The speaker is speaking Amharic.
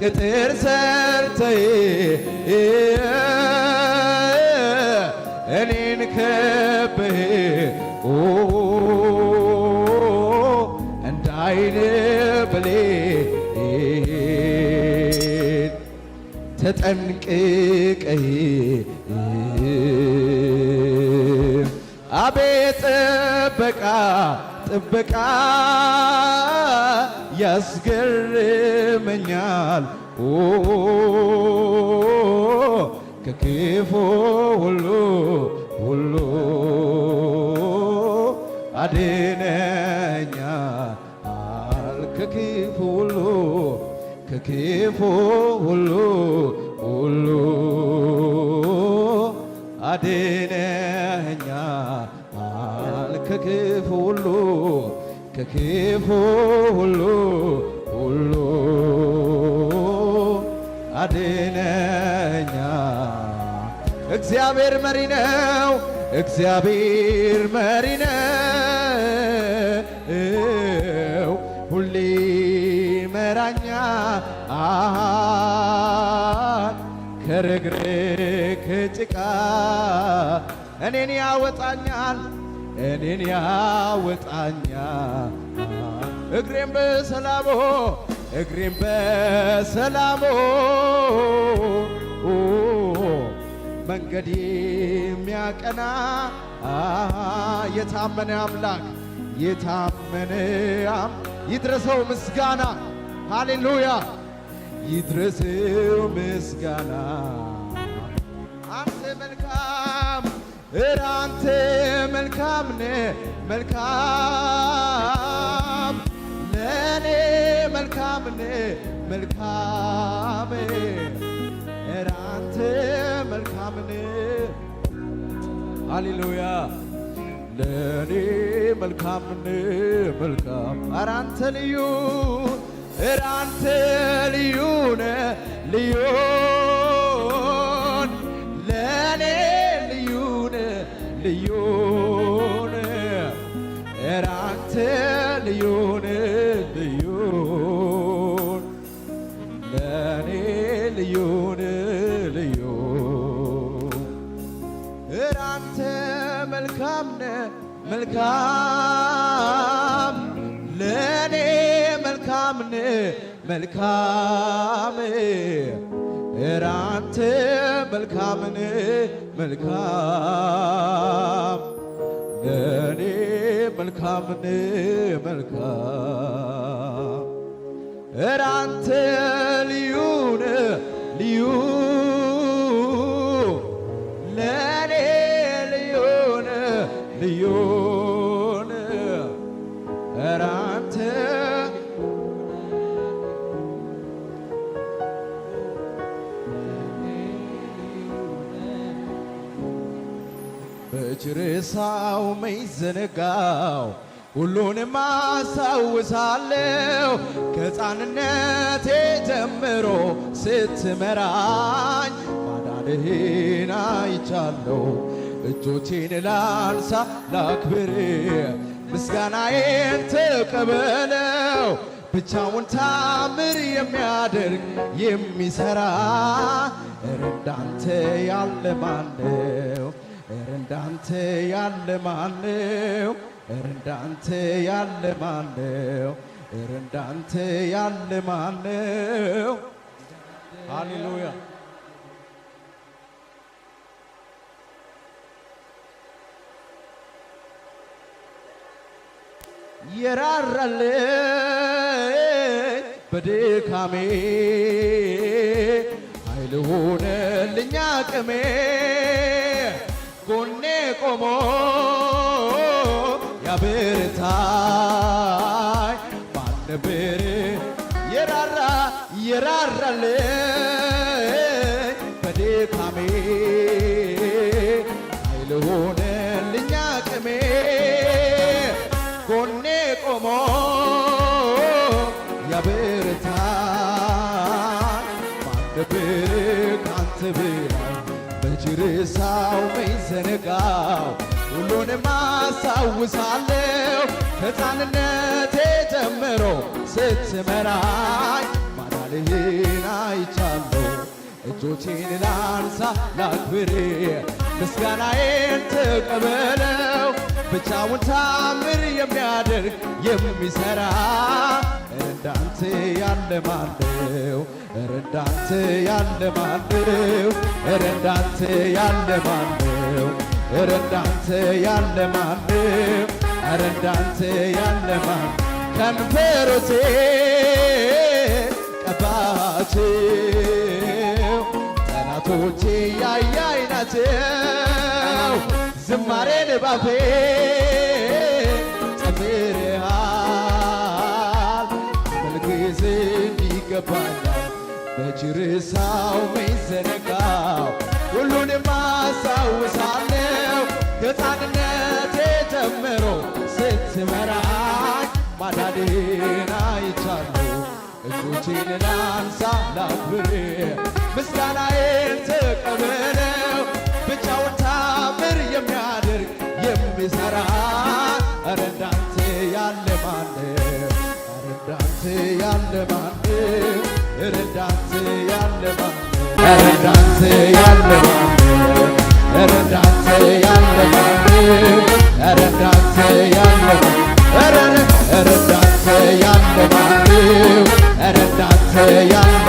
كتير سرتي انين كبه انت عين بلي تتنقيقي አቤት ጥበቃ ጥበቃ ያስገርመኛል ከክፉ ሁሉ ሁሉ አድነኛል ከክፉ ሁሉ ከክፉ ሁሉ ሁሉ አድነ ከክፉ ሁሉ ከክፉ ሁሉ ሁሉ አድነኛ። እግዚአብሔር መሪ ነው፣ እግዚአብሔር መሪ ነው፣ ሁሌ መራኛ አሃ ከረግሬ ከጭቃ እኔን ያወጣኛል እኔን ያወጣኛ እግሬም በሰላሞ እግሬም በሰላሞ መንገድ የሚያቀና የታመነ አምላክ የታመነ ይድረሰው ምስጋና ሃሌሉያ ይድረሰው ምስጋና አንተ መልካም እራንተ መልካም ነህ መልካም ለእኔ መልካም ነህ መልካም ኧረ አንተ መልካም ነህ ሃሌሉያ ለእኔ መልካም ነህ መልካም ኧረ አንተ ልዩ ኧረ አንተ ልዩ ነህ ልዩ መልካም ለኔ መልካም መልካም ራንተ መልካምን መልካም ለእኔ መልካምን መልካም ራንተ ልዩን ልዩ መች ርሳው መች ዘነጋው ሁሉንም ከሕፃንነቴ ጀምሮ ስትመራኝ ማዳንህን አይቻለሁ። እጆቼን ላንሳ ላክብር፣ ምስጋናዬን ተቀበለው። ብቻውን ታምር የሚያደርግ የሚሰራ እንዳንተ ያለ ማነው? እንዳንተ ያለ ማነው? እንዳንተ ያለ ማነው? እንዳንተ ያለ ማነው? ሃሌሉያ የራራልኝ በድካሜ ኃይል ሆነልኝ አቅሜ ጎኔ ቆሞ ያብርታይ ባልነበር የራራ የራራልኝ በድካሜ ኃይል ሆነልኝ አቅሜ ጎኔ ቆሞ ያብርታይ ባልነበር ካንተ ብርሳው መይዘነጋው ሁሉንም አሳውሳለሁ ከሕፃንነቴ ጀምሮ ስትመራኝ ማዳልህን አይቻለሁ። እጆቼን ላንሳ ላክብር ምስጋናዬን ተቀበል ብቻውን ታምር የሚያደርግ የሚሰራ እንዳንተ ያለ ማነው? እንዳንተ ያለ ማነው? እንዳንተ ያለ ማነው? እንዳንተ ያለ ማነው? እንዳንተ ያለ ማነው? ቀባቸው ጠላቶቼ ዝማሬን ባፌ ጨምርሃል ይገባል ይገባኛል በጅርሳው ሚዘነጋው ሁሉንም አሳውሳለው ከሕፃንነቴ ጀምሮ ስትመራኝ ማዳዴን አይቻለሁ። እጆቼን ላንሳ ላክብር ምስጋናዬን ተቀበል የሚሠራ ኧረ ያለ ማነው? ኧረ ያለ ማነው? ኧረ እንዳንተ ያለ ማነው? ኧረ እንዳንተ ያለ ማነው? ኧረ ያለ ማነው? ኧረ ያለ ማነው? ኧረ ያለ ማነው? ኧረ ያለ